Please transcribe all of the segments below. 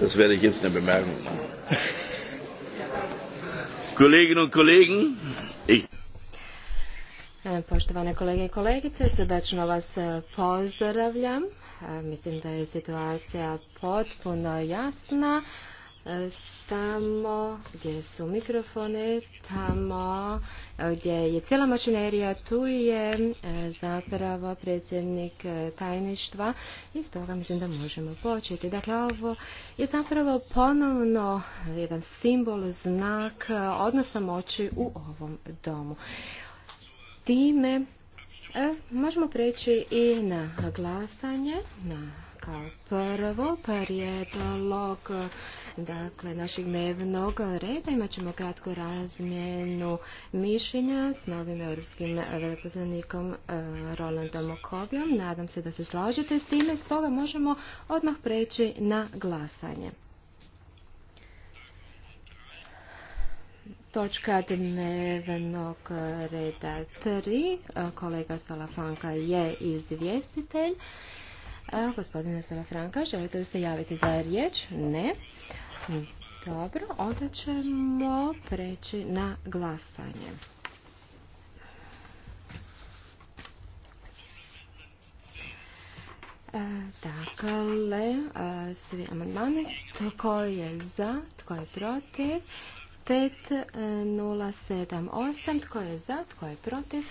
Das werde ich jetzt eine Bemerkung machen. Kolleginnen und Kollegen, ich e, Poštovane kolege i kolegice, srdačno vas e, pozdravljam. E, mislim da je situacija potpuno jasna. E, tamo gdje su mikrofone, tamo e, gdje je cijela mašinerija, tu je e, zapravo predsjednik tajništva i stoga mislim da možemo početi. Dakle, ovo je zapravo ponovno jedan simbol, znak odnosa moći u ovom domu. Time možemo preći i na glasanje, na kao prvo prijedlog dakle, našeg dnevnog reda. Imat ćemo kratku razmjenu mišljenja s novim europskim veleposlanikom e, Rolandom Okobijom. Nadam se da se slažete s time, stoga možemo odmah preći na glasanje. Točka dnevnog reda 3. Kolega Salafanka je izvjestitelj a, gospodine Salafranka, želite li se javiti za riječ? Ne. Dobro, onda ćemo preći na glasanje. E, dakle, e, svi amandmani, tko je za, tko je protiv, 5078, e, tko je za, tko je protiv,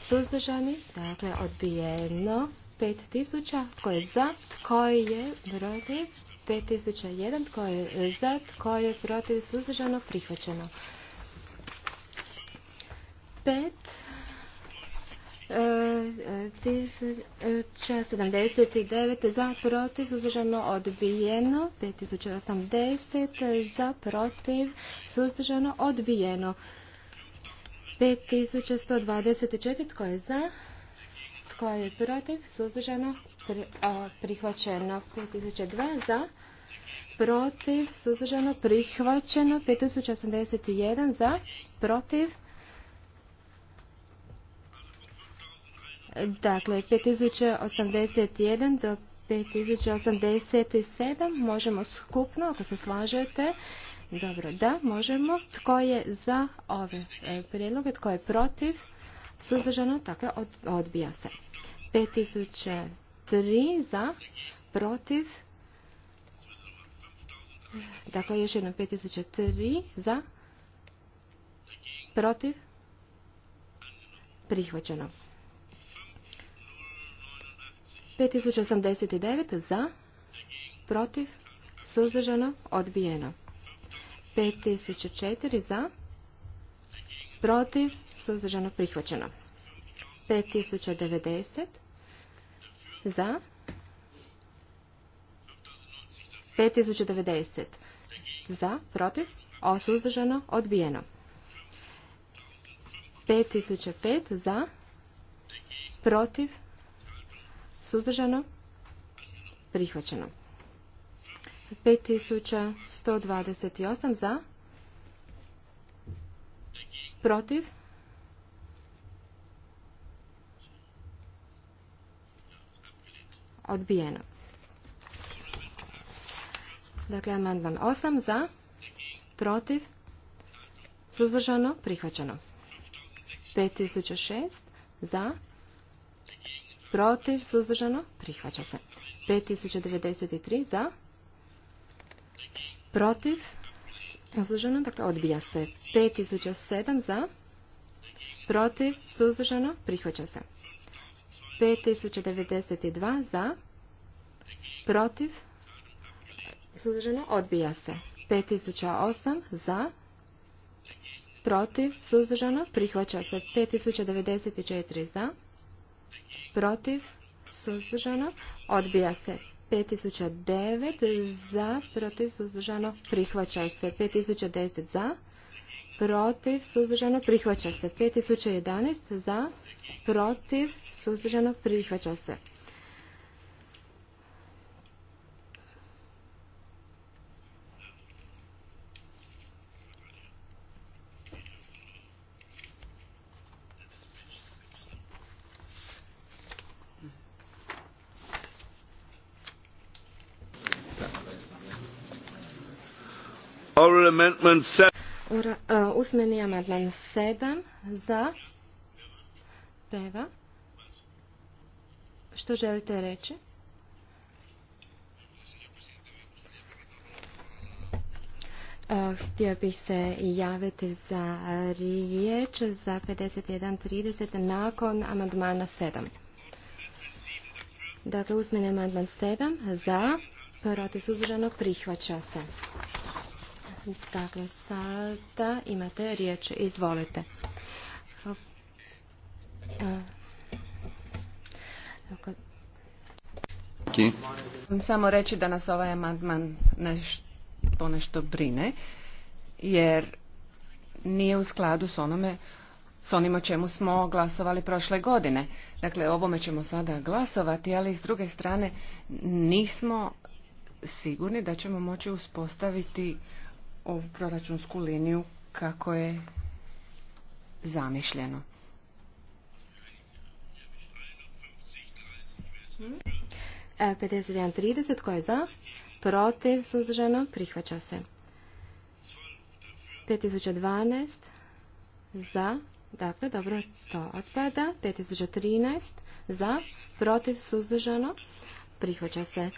suzdržani, dakle, odbijeno, 5000. Tko je za? Tko je protiv? 5001. Tko je za? Tko je protiv? Suzdržano? Prihvaćeno. 5. E, za protiv, suzdržano odbijeno, 5080 za protiv, suzdržano odbijeno, 5124 tko je za, tko je protiv? Suzdržano? Prihvaćeno. 5002 za. Protiv? Suzdržano? Prihvaćeno. 5081 za. Protiv? Dakle, 5081 do 5087 možemo skupno, ako se slažete. Dobro, da, možemo. Tko je za ove e, prijedloge, tko je protiv? Suzdržano, tako dakle, odbija se. 5003 za, protiv. Dakle, još jednom 5003 za, protiv, prihvaćeno. 5089 za, protiv, suzdržano, odbijeno. 5004 za, protiv, suzdržano, prihvaćeno. 5090 za. 5090. Za. Protiv. osuzdržano Odbijeno. 5005. Za. Protiv. Suzdržano. Prihvaćeno. 5128. Za. Protiv. Odbijeno. Dakle, amandman 8 za, protiv, suzdržano, prihvaćeno. 5006 za, protiv, suzdržano, prihvaća se. 5093 za, protiv, suzdržano, dakle odbija se. 5007 za, protiv, suzdržano, prihvaća se. 5092 za, protiv, suzdržano, odbija se. 5008 za, protiv, suzdržano, prihvaća se. 5094 za, protiv, suzdržano, odbija se. 5009 za, protiv, suzdržano, prihvaća se. 5010 za, protiv, suzdržano, prihvaća se. 5011 za, protiv, suzdržano, prihvaća se. E, usmeni amandman 7 za, peva. Što želite reći? E, htio bih se javiti za riječ za 51.30 nakon amandmana 7. Dakle, uzmeni amandman 7 za protiv suzdržanog prihvaća se. Dakle, sada imate riječ. Izvolite. Samo reći da nas ovaj amandman ponešto brine, jer nije u skladu s onome s onim o čemu smo glasovali prošle godine. Dakle, ovome ćemo sada glasovati, ali s druge strane nismo sigurni da ćemo moći uspostaviti ovu proračunsku liniju kako je zamišljeno. 51.30. E, Ko je za? Protiv. Suzdržano. Prihvaća se. 5012. Za. Dakle, dobro, to otpada. 5013. Za. Protiv. Suzdržano. Prihvaća se.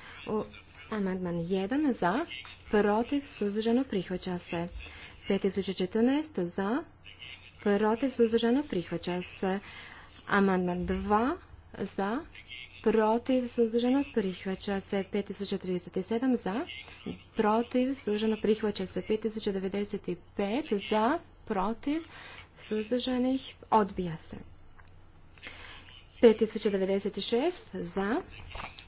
amandman 1. Za. Protiv. Suzdržano. Prihvaća se. 5014. Za. Protiv. Suzdržano. Prihvaća se. Amandman 2. Za protiv, suzdržano, prihvaća se 5037 za, protiv, suzdržano, prihvaća se 5095 za, protiv, suzdržanih, odbija se. 5096 za,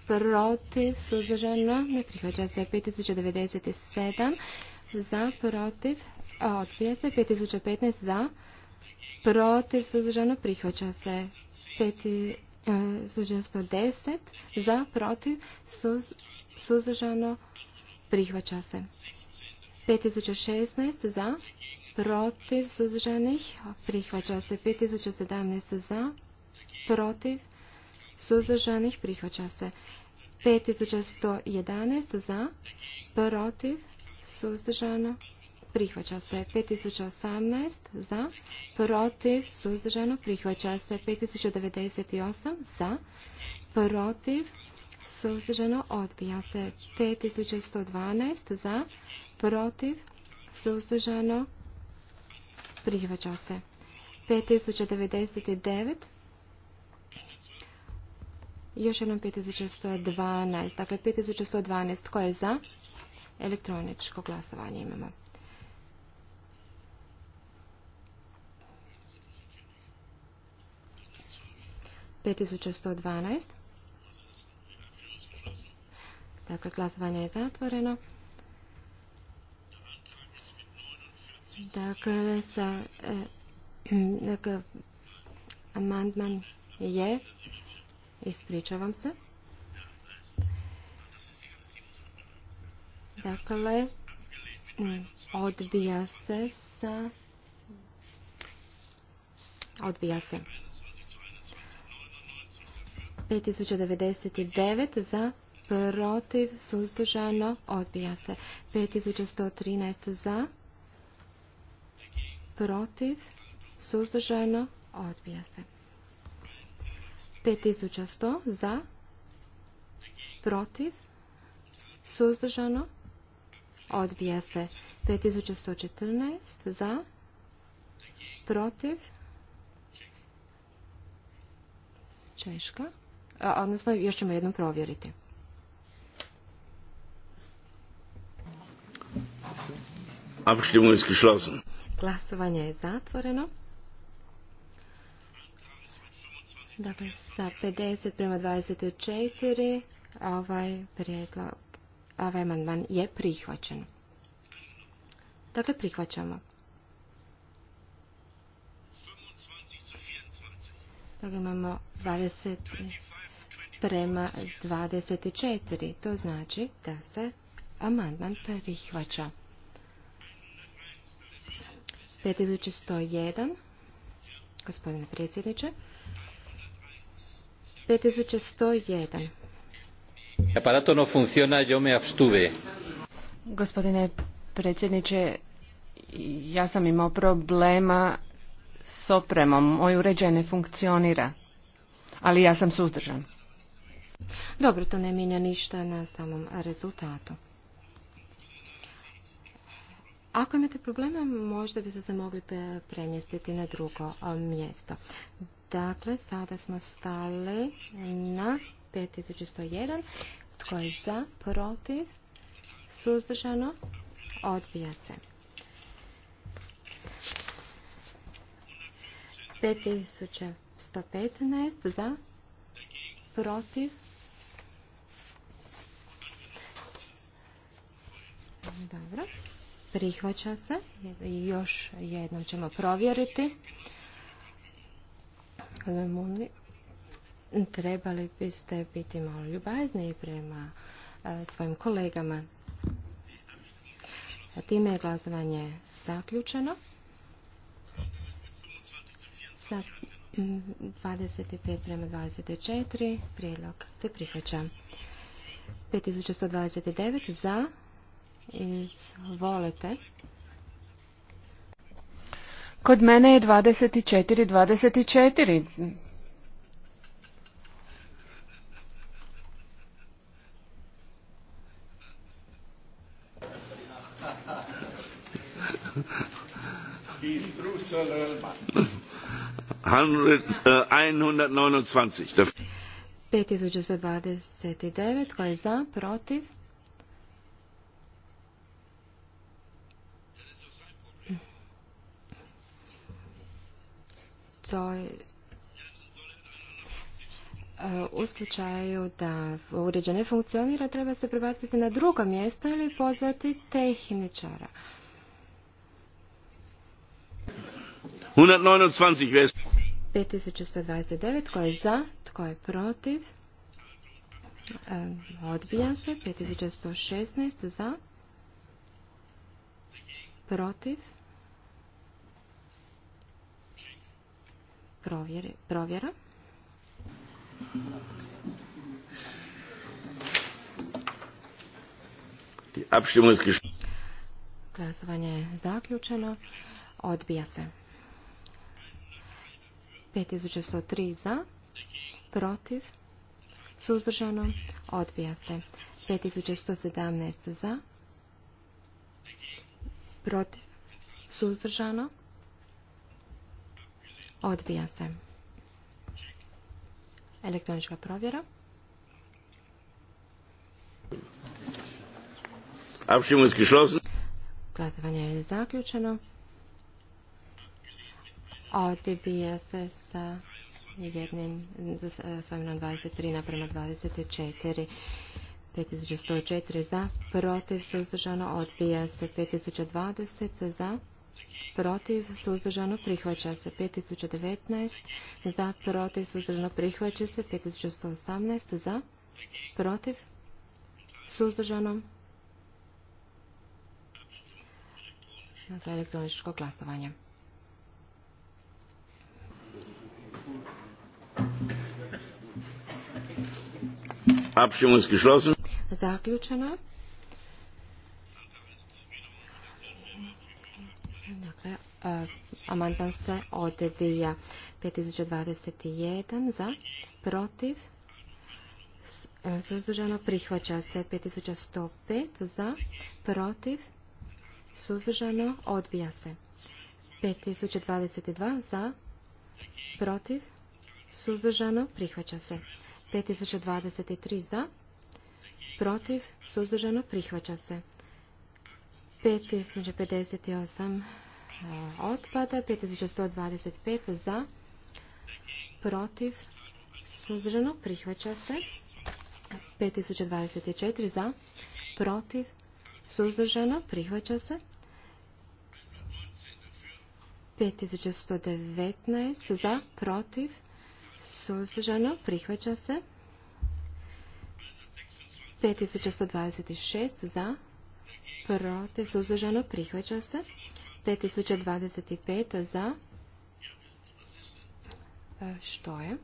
protiv, suzdržano, ne prihvaća se 5097 za, protiv, odbija se 5015 za, protiv, suzdržano, prihvaća se suđenstvo deset za protiv suzdržano prihvaća se. 5016 za protiv suzdržanih prihvaća se. 5017 za protiv suzdržanih prihvaća se. 5111 za protiv suzdržano prihvaća se. 5018 za, protiv, suzdržano, prihvaća se. 5098 za, protiv, suzdržano, odbija se. 5112 za, protiv, suzdržano, prihvaća se. 5099 još jednom 5112. Dakle, 5112. Tko je za? Elektroničko glasovanje imamo. 5112. Dakle, glasovanje je zatvoreno. Dakle, sa, e, dakle, amandman je, ispričavam se. Dakle, odbija se sa, odbija se. 5099 za, protiv, suzdržano, odbija se. 5113 za, protiv, suzdržano, odbija se. 5100 za, protiv, suzdržano, odbija se. 5114 za, protiv, Češka odnosno još ćemo jednom provjeriti. Glasovanje je zatvoreno. Dakle, sa 50 prema 24 ovaj prijedlog, ovaj amandman je prihvaćen. Dakle, prihvaćamo. Dakle, imamo 20 prema 24. To znači da se amandman prihvaća. 5101. Gospodine predsjedniče. 5101. Aparato no funciona, yo me abstuve. Gospodine predsjedniče, ja sam imao problema s opremom. Moj uređaj ne funkcionira, ali ja sam suzdržan. Dobro, to ne mijenja ništa na samom rezultatu. Ako imate problema, možda bi se mogli premjestiti na drugo mjesto. Dakle, sada smo stali na 5101. Tko je za, protiv, suzdržano, odbija se. 5115 za, protiv, Dobro. Prihvaća se. Još jednom ćemo provjeriti. Trebali biste biti malo ljubazni prema e, svojim kolegama. Time je glasovanje zaključeno. Sa 25 prema 24 prijedlog se prihvaća. 5129 za, Volete. Kod mene je 24, 24. Hundred, uh, 129. 5129. Ko je za, protiv? to e, u slučaju da uređaj ne funkcionira, treba se prebaciti na drugo mjesto ili pozvati tehničara. 129. 5129. Tko je za? Tko je protiv? E, odbija se. 5116. Za? Protiv? provjera. Glasovanje je zaključeno. Odbija se. 5103 za, protiv, suzdržano, odbija se. 5117 za, protiv, suzdržano, Odbija se. Elektronička provjera. Glasovanje je zaključeno. Odbija se sa jednim, s ovim 23 naprema 24. 5104 za, protiv se uzdržano. odbija se 5020 za, protiv, suzdržano, prihvaća se 5019, za, protiv, suzdržano, prihvaća se 5118, za, protiv, suzdržano, dakle elektroničko glasovanje. Zaključeno. E, amandman se odbija. 5021 e, za, protiv, suzdržano prihvaća se. 5105 za, protiv, suzdržano odbija se. 5022 za, protiv, suzdržano prihvaća se. 5023 za, protiv, suzdržano prihvaća se. 5058 otpada. 5125 za, protiv, suzdržano, prihvaća se. 5024 za, protiv, suzdržano, prihvaća se. 5119 za, protiv, suzdržano, prihvaća se. 5126 za, protiv, suzdržano, prihvaća se. 5025 za. E, što je?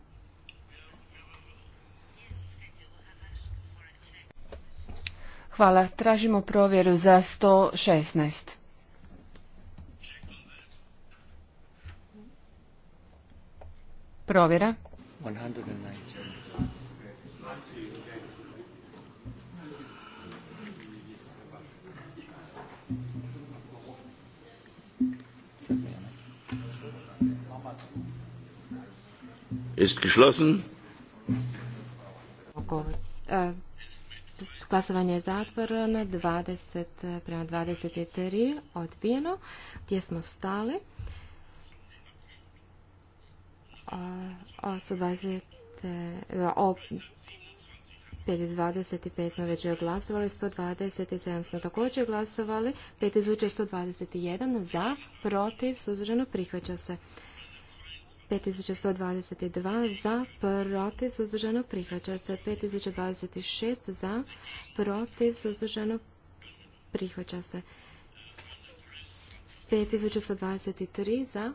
Hvala. Tražimo provjeru za 116. Provjera. 119. ist geschlossen. E, glasovanje je zatvoreno, 20 e, prema 23 odbijeno. Gdje smo stali? E, o, su 20, o 525 smo već glasovali, 127 smo također glasovali, 521 za, protiv, suzuženo, prihvaća se. 5122 za, protiv, suzdržano, prihvaća se. 5026 za, protiv, suzdržano, prihvaća se. 5123 za,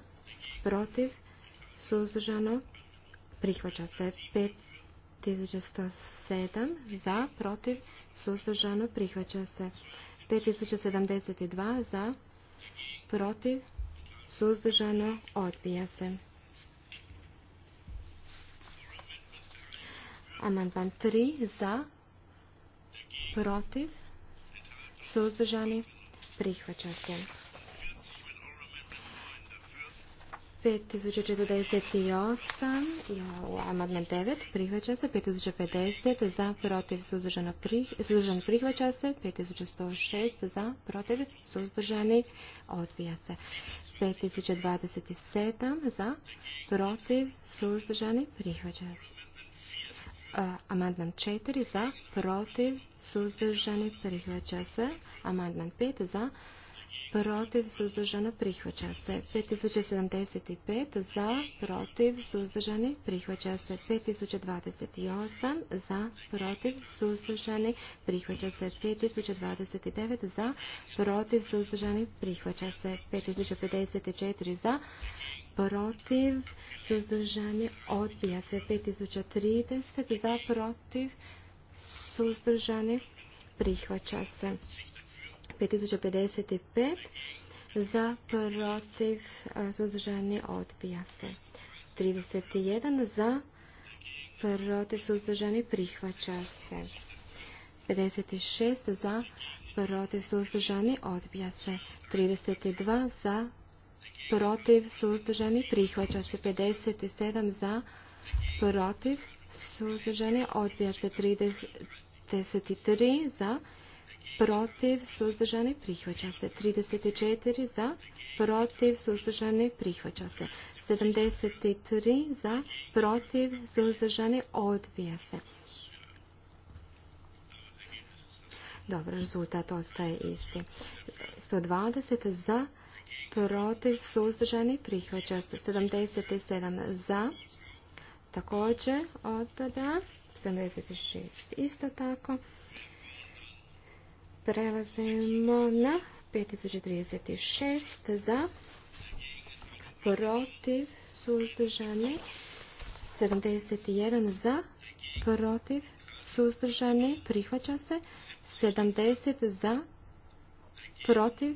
protiv, suzdržano, prihvaća se. 5107 za, protiv, suzdržano, prihvaća se. 5072 za, protiv, suzdržano, odbija se. Amandman 3 za, protiv, suzdržani, prihvaća se. 5048 i amandman 9 prihvaća se, 5050 za, protiv, suzdržani prihvaća se, 5106 za, protiv, suzdržani odbija se, 5027 za, protiv, suzdržani prihvaća se. Amandman 4 za, protiv, suzdržani, prihvaća se. Amandman 5 za, protiv, suzdržano, prihvaća se. 5075 za, protiv, suzdržani, prihvaća se. 5028 za, protiv, suzdržani, prihvaća se. 5029 za, protiv, suzdržani, prihvaća se. 5054 za, protiv, suzdržani, odbija se 5030, za, protiv, suzdržani, prihvaća se 5055, za, protiv, suzdržani, odbija se 31, za, protiv, suzdržani, prihvaća se 56, za, protiv, suzdržani, odbija se 32, za, protiv, suzdržani, prihvaća se 57 za, protiv, suzdržani, odbija se 33 za, protiv, suzdržani, prihvaća se 34 za, protiv, suzdržani, prihvaća se 73 za, protiv, suzdržani, odbija se. Dobro, rezultat ostaje isti. 120 za, protiv, suzdržani, prihvaća se. 77 za, također odpada. 76 isto tako. Prelazimo na 5036 za, protiv, suzdržani, 71 za, protiv, suzdržani, prihvaća se, 70 za, protiv, suzdržani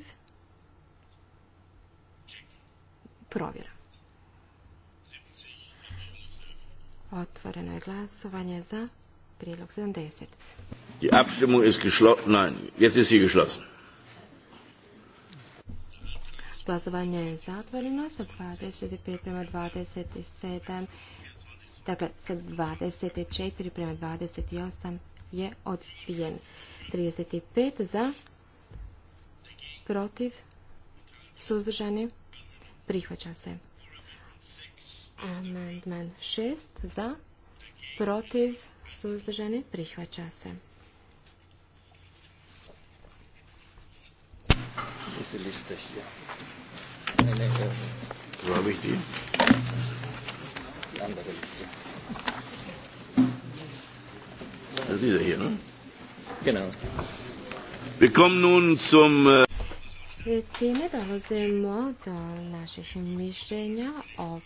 Provjera. Otvoreno je glasovanje za prilog 70. Die Abstimmung ist geschlossen. Nein, jetzt ist sie geschlossen. Glasovanje je zatvoreno sa 25 prema 27. Dakle, sa 24 prema 28 je odbijen. 35 za, protiv, suzdržani, Prihvaća se. Amendment 6 za, protiv, suzdržani, prihvaća se. Diese Liste hier. Time dolazimo do naših mišljenja o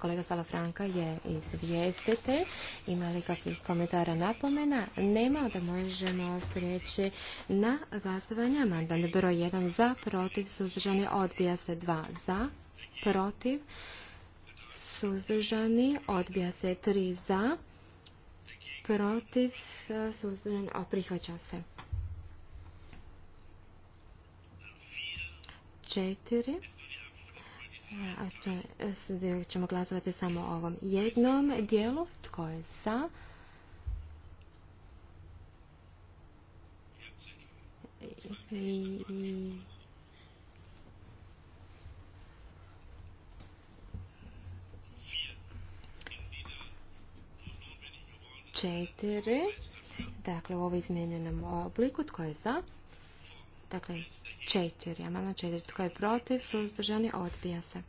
Kolega Franka je izvijestite. Ima li kakvih komentara napomena? Nema, da možemo prijeći na glasovanje. Amandman broj 1 za, protiv, suzdržani, odbija se 2 za, protiv, suzdržani, odbija se 3 za, protiv, suzdržani, prihvaća se. 4. A ćemo glasovati samo o ovom jednom dijelu. Tko je za? četiri. Dakle, u ovoj izmijenjenom obliku. Tko je za? Dakle, četiri. Amandman četiri. Tko je protiv? Suzdržani odbija se.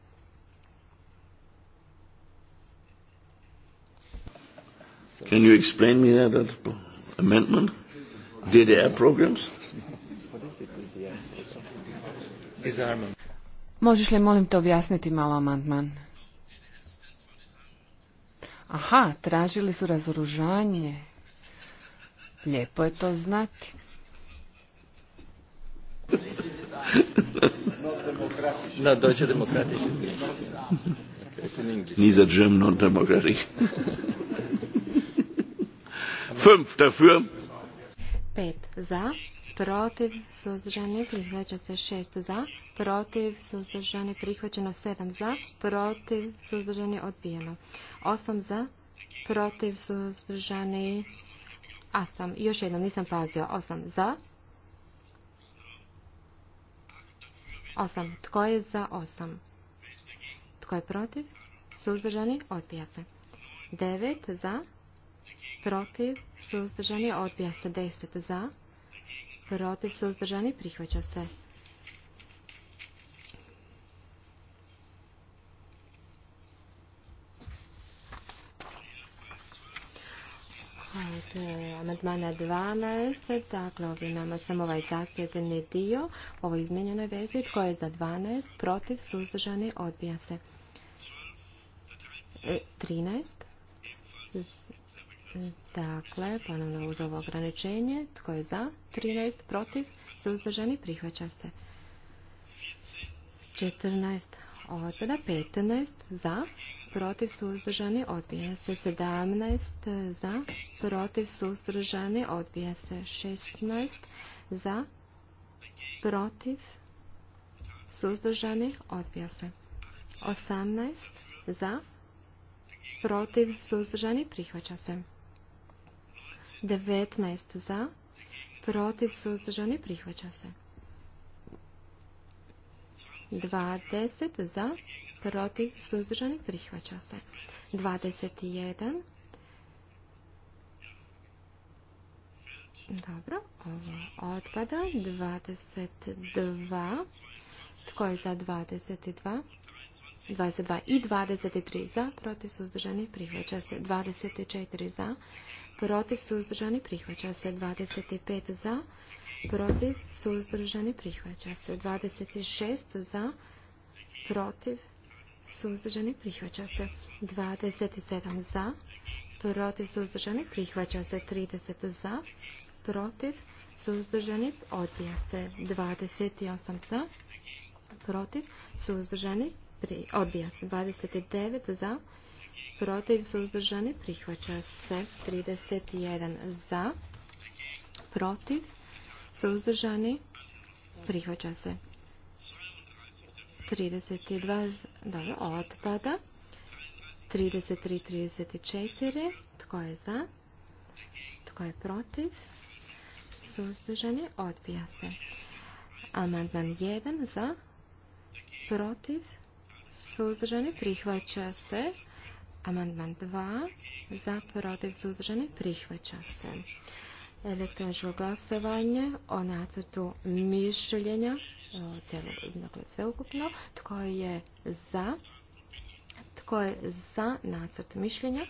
Can you explain me that, that amendment? DDR programs? Možeš li, molim te, objasniti malo amandman? Aha, tražili su razoružanje. Lijepo je to znati. Na Deutsche demokratische Sicht. Neither German nor Democratic. Fünf dafür. Pet za, protiv, suzdržani, prihvaća se šest za, protiv, suzdržani, prihvaćeno sedam za, protiv, suzdržani, odbijeno. Osam za, protiv, suzdržani, a sam, još jednom nisam pazio, osam za, Osam. Tko je za Osam. Tko je protiv? Suzdržani? Odbija se. Devet Za? Protiv? Suzdržani? Odbija se. Deset Za? Protiv? Suzdržani? Prihvaća se amandmana 12, dakle ovdje nama sam ovaj zasljedeni dio, ovo izmjenjenoj vezi, tko je za 12, protiv, suzdržani, odbija se. 13, e, dakle, ponovno uz ovo ograničenje, tko je za, 13, protiv, suzdržani, prihvaća se. 14, odbada 15, za, protiv, suzdržani, odbija se. 17 za, protiv, suzdržani, odbija se. 16 za, protiv, suzdržani, odbija se. 18 za, protiv, suzdržani, prihvaća se. 19 za, protiv, suzdržani, prihvaća se. 20 za, protiv, suzdržani, prihvaća se. 21. Dobro, ovo otpada. 22. Tko je za 22? 22 i 23 za, protiv suzdržani prihvaća se 24 za, protiv suzdržani prihvaća se 25 za, protiv suzdržani prihvaća se 26 za, protiv suzdržani, prihvaća se. 27 za, protiv, suzdržani, prihvaća se. 30 za, protiv, suzdržani, odbija se. 28 za, protiv, suzdržani, odbija se. 29 za, protiv, suzdržani, prihvaća se. 31 za, protiv, suzdržani, prihvaća se. 32 dobro, otpada. 33-34. Tko je za? Tko je protiv? Suzdržani odbija se. Amandman 1 za? Protiv? Suzdržani prihvaća se. Amandman 2 za? Protiv? Suzdržani prihvaća se. Elektroničko glasovanje o nacrtu mišljenja E, cijelo, dakle, sveukupno. Tko je za? Tko je za nacrt mišljenja?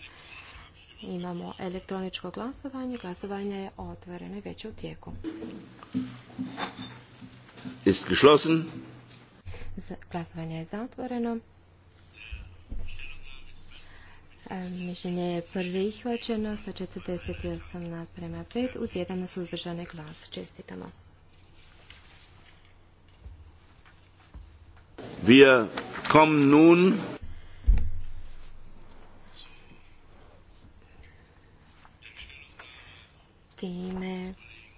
Imamo elektroničko glasovanje. Glasovanje je otvoreno i već u tijeku. Ist geschlossen. Glasovanje je zatvoreno. E, mišljenje je prihvaćeno sa 48 naprema 5 uz jedan suzdržani glas. Čestitamo. Wir kommen nun Time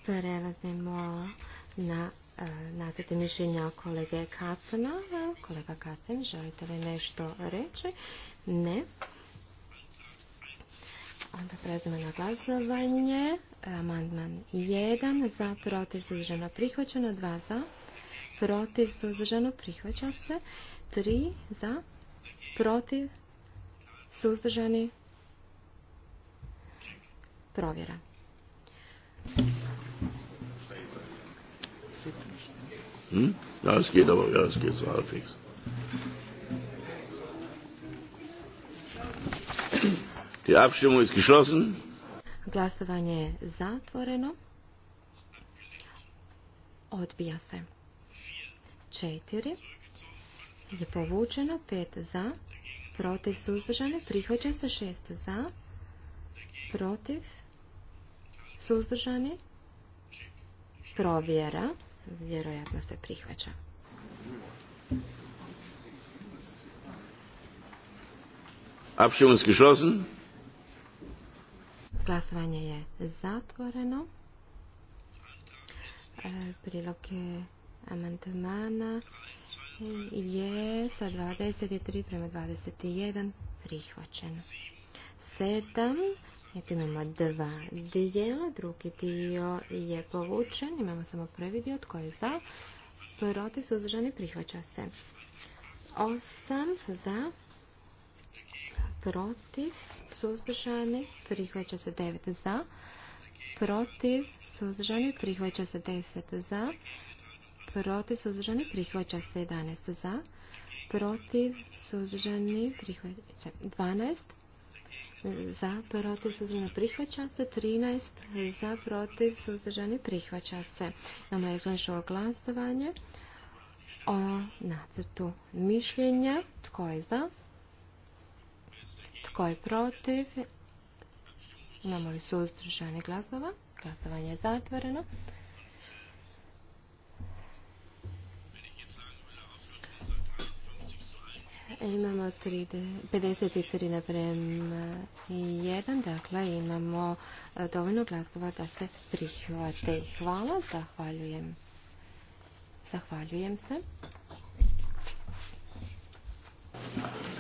prelazimo na e, nacrte mišljenja kolege Kacana. E, kolega Kacen, želite li nešto reći? Ne. Onda prelazimo na glasovanje. Amandman 1 za protiv suzdržano prihvaćeno, 2 za protiv, suzdržano, prihvaća se. 3 za, protiv, suzdržani, provjera. Hm? Das geht aber, ja, das geht so halbwegs. Die Abstimmung ist geschlossen. Glasovanje je zatvoreno. Odbija se. Četiri je povučeno, pet za, protiv suzdržani, prihvaća se šest za, protiv suzdržani, provjera, vjerojatno se prihvaća. Glasovanje je zatvoreno. E, prilog je amandmana je sa 23 prema 21 prihvaćen. 7 Eto imamo dva dijela, drugi dio je povučen, imamo samo prvi dio, tko je za, protiv, suzdržani, prihvaća se. Osam za, protiv, suzdržani, prihvaća se 9, za, protiv, suzdržani, prihvaća se 10, za, protiv, suzdržani, prihvaća se 11 za, protiv, suzdržani, prihvaća se 12 za, protiv, suzdržani, prihvaća se 13 za, protiv, suzdržani, prihvaća se. Imamo elektroničko glasovanje o nacrtu mišljenja. Tko je za? Tko je protiv? Imamo li suzdržani glasova? Glasovanje je zatvoreno. Imamo 53 naprema 1, dakle imamo eh, dovoljno glasova da se prihvate. Hvala, zahvaljujem. Zahvaljujem se.